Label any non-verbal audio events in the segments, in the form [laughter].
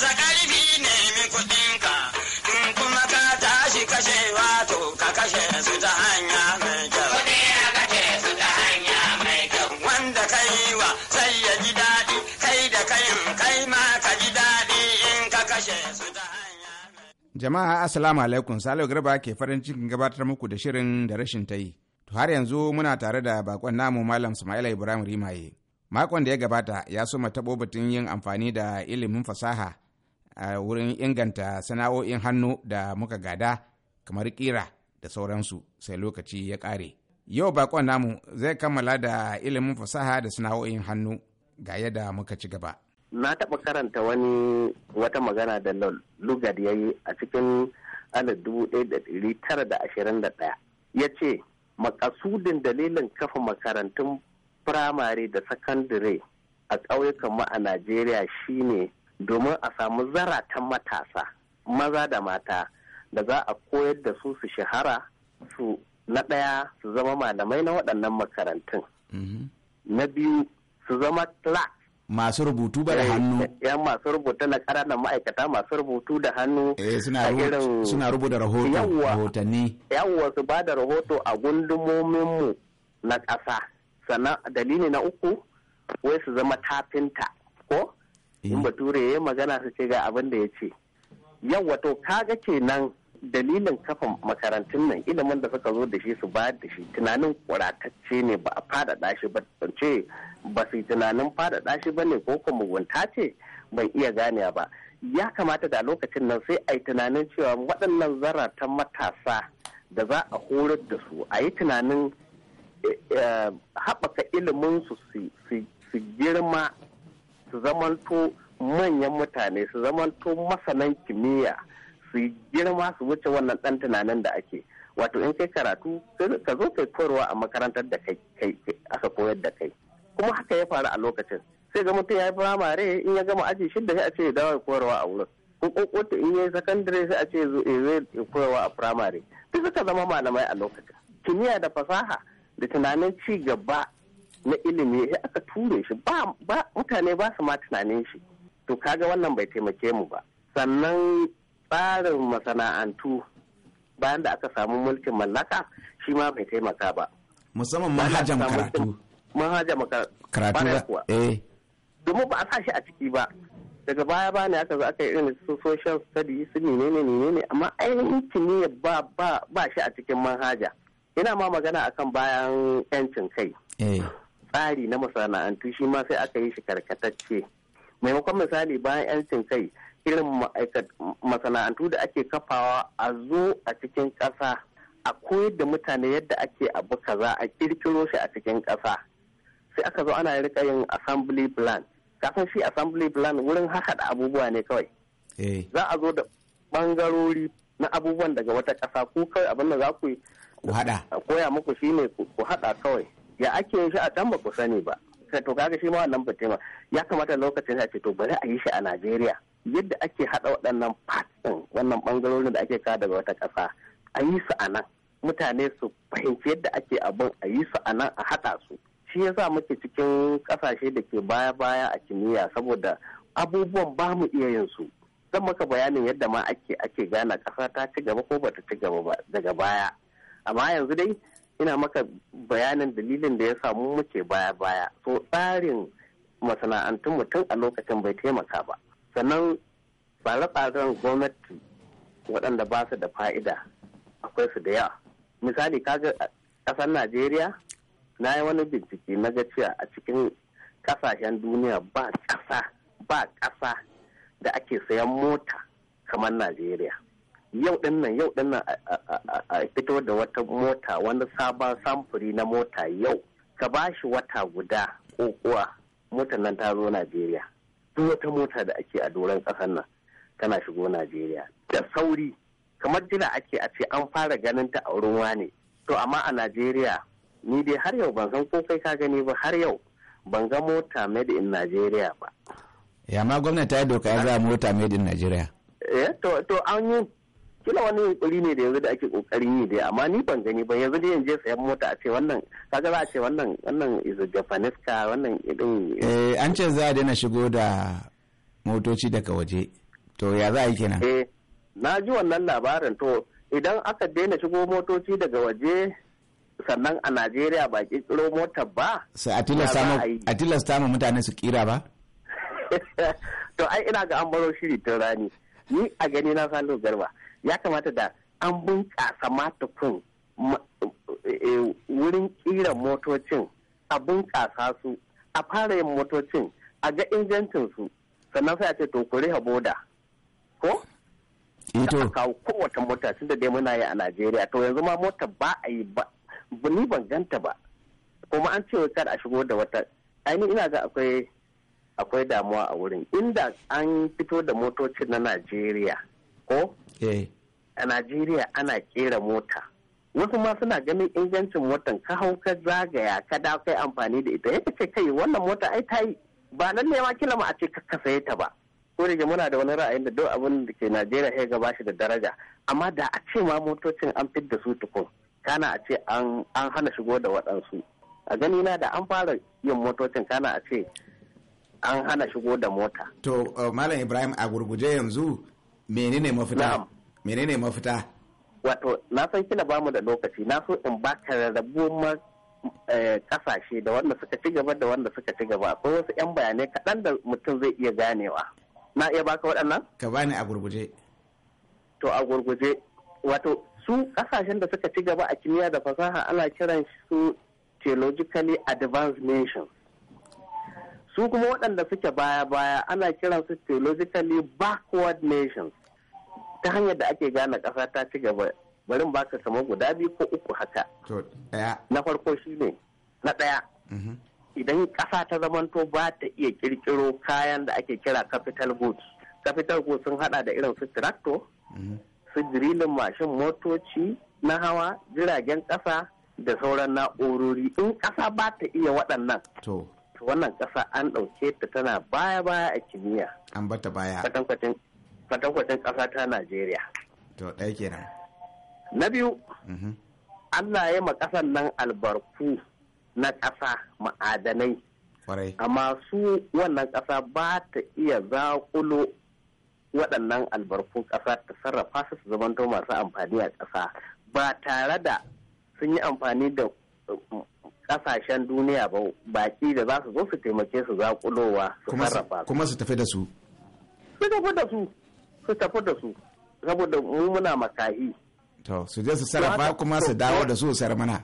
Baza ƙarfi nemi kuɗinka, in kuma ka tashi kashe wato ka kashe su ta hanya mai kyau. kashe su ta hanya Wanda ka yi wa sai ya ji daɗi, kai da kayin kai ma ka ji daɗi in ka kashe su ta hanya Jama'a Assalamu alaikum, Salo Garba ke farin cikin gabatar muku da shirin da rashin ta yi. To har yanzu muna tare da bakon namu Malam Sumaila Ibrahim Rimaye. Makon da ya gabata ya soma taɓo batun yin amfani da ilimin fasaha a wurin inganta sana'o'in hannu da muka gada kamar kira da sauransu sai lokaci ya ƙare. Yau bakon namu zai kammala da ilimin fasaha da sana'o'in hannu ga yadda muka ci gaba. Na taɓa karanta wani wata magana da Lugard ya yi a cikin 1921 ya ce makasudin dalilin kafa makarantun firamare da sakandare a ƙauyukan mu a Najeriya shine domin a samu zaratan matasa maza da mata da za a koyar da su su shahara su na ɗaya su zama malamai na waɗannan makarantun mhm. na biyu su zama clerk masu rubutu ba da eh, hannu yan masu rubuta na ƙananan ma'aikata masu rubutu da hannu eh, suna rubuta rahotanni yawwa su ba da rahoto a gundumominmu na ƙasa sannan dalili na uku wai su zama tafinta ko in eh. bature ya magana su ce ga abin da ya ce yawa to kaga kenan dalilin kafa makarantun nan ilimin da suka zo da shi su bayar da shi tunanin kuratacce ne ba a fadada shi ba ce ba su tunanin fadada shi ba ne ko kuma mugunta ce ban iya ganewa ba ya kamata da lokacin nan sai a yi tunanin cewa waɗannan zaratan matasa da za a horar da su a yi tunanin eh, eh, haɓaka ilimin su su girma su zamanto manyan mutane su zamanto masanan kimiyya su girma su wuce wannan dan tunanin da ake wato in kai karatu ka zo kai koyarwa a makarantar da kai aka koyar da kai kuma haka ya faru a lokacin sai ga mutum ya yi firamare in ya gama aji shidda sai a ce ya dawo koyarwa a wurin ko in ya yi sakandare sai a ce ya koyarwa a firamare duk suka zama malamai a lokacin kimiyya da fasaha da tunanin ci gaba na ilimi ya aka ture shi ba mutane ba su ma tunanin shi to kaga wannan bai taimake mu ba sannan tsarin masana'antu bayan da aka samu mulkin mallaka shi ma bai taimaka ba musamman manhajar karatu manhajar karatu eh domin ba a sa shi a ciki ba daga baya ba ne aka zo aka yi irin su social studies su ne ne ne ne amma ainihin ne ba ba ba shi a cikin manhaja ina ma magana akan bayan yancin kai eh. tsari na masana'antu shi ma sai aka yi shi karkatacce maimakon misali bayan 'yancin kai irin masana'antu da ake kafawa a zo a cikin ƙasa a koyar da mutane yadda ake abu kaza a kirkiro shi a cikin ƙasa sai aka zo ana rika yin assembly plan kafin shi assembly plan wurin haɗa abubuwa ne kawai eh. za a zo da ɓangarori na abubuwan daga wata ƙasa ko kawai abin da za ku yi ku haɗa koya muku shi ne ku haɗa kawai ya ake yin shi a can ba ku sani ba to kaga shi ma wannan ba tema ya kamata lokacin a ce to bari a yi shi a Najeriya yadda ake hada waɗannan parts din wannan bangarorin da ake kawo daga wata ƙasa a yi su a nan mutane su fahimci yadda ake abin a yi su a nan a hada su shi yasa muke cikin ƙasashe da ke baya-baya a kimiyya saboda abubuwan ba mu iya yin su zan maka bayanin yadda ma ake ake gane ƙasa ta ci gaba ko bata ci gaba ba daga baya amma yanzu dai ina maka bayanin dalilin da ya samu muke baya baya so tsarin masana'antun mutum a lokacin bai taimaka ba sannan tsare-tsaren gwamnati waɗanda ba su da fa'ida akwai su da yawa misali kaga ƙasar najeriya na yi wani bincike na ga cewa a cikin ƙasashen duniya ba ƙasa ba ƙasa da ake sayan mota kamar najeriya yau din nan yau din nan a fito da wata mota wani sabon samfuri na mota yau ka ba shi wata guda ko kuwa mota nan ta zo Najeriya duk wata mota da ake a doron ƙasar nan tana shigo Najeriya da sauri kamar jina ake a ce an fara ganin ta a wurin wani. to amma a Najeriya ni dai har yau ban san ko kai ka gani ba har yau ban ga mota made in Najeriya ba ya ma gwamnati ta doka ya za mota made in Najeriya eh to to an yi kila wani yunkuri ne da yanzu da ake kokarin yi dai amma ni ban gani ba yanzu dai je sayan mota a ce wannan kaga za a ce wannan wannan is a japanese car wannan idan eh an ce za a daina shigo da motoci daga waje to ya za a yi kenan eh na ji wannan labarin to idan aka daina shigo motoci daga waje sannan a Najeriya ba ki tsiro mota ba sai a tilasta mu mutane su kira ba [laughs] to ai ina ga an baro shiri tun rani ni a gani na salo garba ya kamata da an bunƙasa matakun eh, eh, wurin ƙira motocin a bunƙasa su a fara yin motocin a ga su sannan sai a ce to kuri boda ko ito eh, kawo kowace mota tun da dai muna yi a Najeriya to yanzu ma mota ba a yi ba ni ban ganta ba kuma an ce kar a shigo da wata ainihin ina ga akwai akwai damuwa a wurin inda an fito da motocin na Najeriya ko Eh. a najeriya ana kera mota wasu ma suna ganin ingancin motan ka hau ka zagaya ka da kai amfani da ita yadda ce kai wannan mota ai ta yi ba nan ne ma kila ma a ce ka saye ta ba ko da muna da wani ra'ayin da duk abin da ke najeriya ya gaba shi da daraja amma da a ce ma motocin an fidda su tukun kana a ce an hana shigo da waɗansu a gani na da an fara yin motocin kana a ce an hana shigo da mota. To, uh, Malam Ibrahim a gurguje yanzu menene mafita menene mafita wato na san kila ba mu da lokaci na so in ba ka rarrabu eh, kasashe da wanda suka ci gaba da wanda suka ci gaba akwai wasu 'yan bayanai kaɗan da mutum zai iya ganewa na iya baka waɗannan ka bani a gurguje to a gurguje wato su kasashen da suka ci gaba a kimiyya da fasaha ana kiran su theologically advanced nations su kuma waɗanda suke baya-baya ana kiran su theologically backward nations ta hanyar da ake gane ƙasa ta ci gaba bari ka kamar guda biyu ko uku haka na farko shi ne na ɗaya mm-hmm. idan ƙasa ta zamanto ba ta iya ƙirƙiro kayan da ake kira capital goods capital goods sun hada da irin su tractor mm-hmm. su drilling mashin motoci na hawa jiragen ƙasa da sauran na'urori in ƙasa ba ta iya waɗannan wannan ƙasa an ɗauke ta tana baya baya a kimiyya an bata baya kwatankwacin ƙasa ta najeriya to ɗaya kenan na biyu mhm. allah ya ma ƙasan nan albarku na ƙasa ma'adanai amma su wannan ƙasa ba ta iya zaƙulo waɗannan albarkun ƙasa ta sarrafa su su zamanto masu amfani a ƙasa ba tare da sun yi amfani da um, ƙasashen duniya ba baƙi da za su zo su taimake su zaƙulowa su sarrafa kuma su tafi da su su tafi da su su tafi da su saboda mu muna makahi to su je su sarrafa kuma su dawo da su sar mana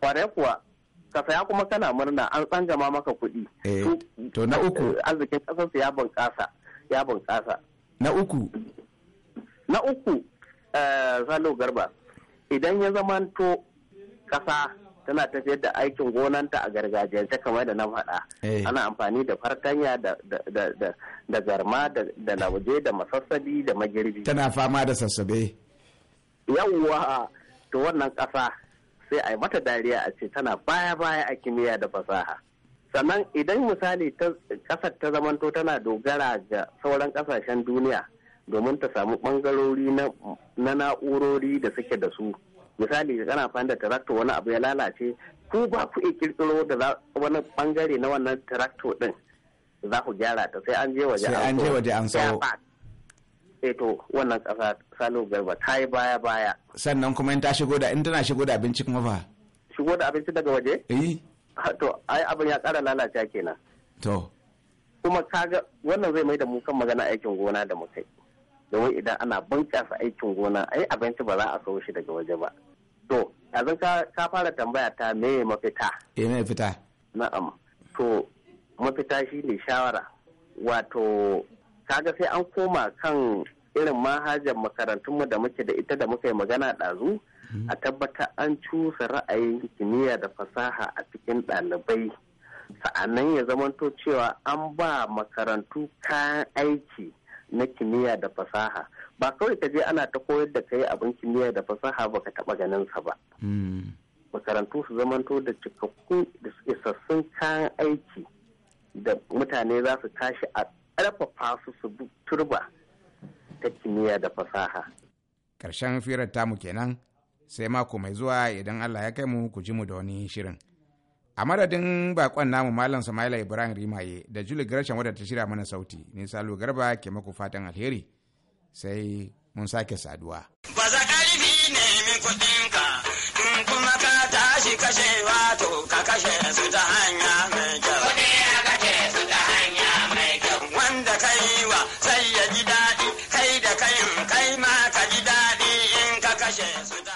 Kware kuwa ka saya kuma kana murna an tsangama maka kuɗi Eh, to na uku arzikin kasar su ya bunƙasa ya bunƙasa na uku na uku eh, salo garba idan ya zamanto kasa tana tafiyar da aikin gonanta a gargajiyance kamar da na faɗa eh. ana amfani da fartanya da garma da lauje da masassabi da magirbi tana fama da sassabe yawwa to wannan ƙasa sai a yi mata dariya a ce tana baya baya a kimiyya da fasaha sannan idan misali ƙasar ta zamanto tana dogara ga sauran ƙasashen duniya domin ta samu ɓangarori na na'urori da suke da su misali kana amfani da tarakto wani abu ya lalace ku ba ku iya kirkiro da wani bangare na wannan tarakto din za ku gyara ta sai an je waje an an je waje an sau eh to wannan kasa salo garba ta yi baya baya sannan kuma in ta shigo da in tana shigo da abinci kuma fa shigo da abinci daga waje eh [laughs] to ai abin ya kara lalace kenan to kuma kaga wannan zai mai da mu kan magana aikin gona da mu kai domin idan ana bunƙasa aikin gona ai abinci ba za a sau shi daga waje ba yanzu ka fara tambaya ta me mafita eh me fita. na'am to mafita shine shawara wato kaga sai an koma kan irin mahajan makarantunmu da muke da ita da muka yi magana ɗazu hmm. a tabbata an cusa ra'ayin kimiyya da fasaha a cikin ɗalibai sa'annan ya zamanto cewa an ba makarantu kayan aiki na kimiyya da fasaha ba kawai ka je ana ta koyar da kai abin kimiyya da fasaha baka taba ganin sa ba hmm. makarantu su zamanto da cikakku da isassun kayan aiki da mutane za su tashi a ƙarfafa su su turba ta kimiyya da fasaha ƙarshen firar tamu kenan sai mako mai zuwa idan allah ya kai mu ku ji mu da wani shirin a madadin bakon namu malam samaila ibrahim rimaye da juli gresham wadda ta shirya mana sauti ni salo garba ke maku fatan alheri sai mun sake saduwa. Baza ƙarfi nemin kuɗinka, in kuma ka tashi kashe wato ka kashe su ta hanya mai kyau. Kuɗi ya kashe su ta hanya mai kyau. Wanda ka yi wa sai ya ji daɗi, kai da kayin kai ma ka ji daɗi in ka kashe su ta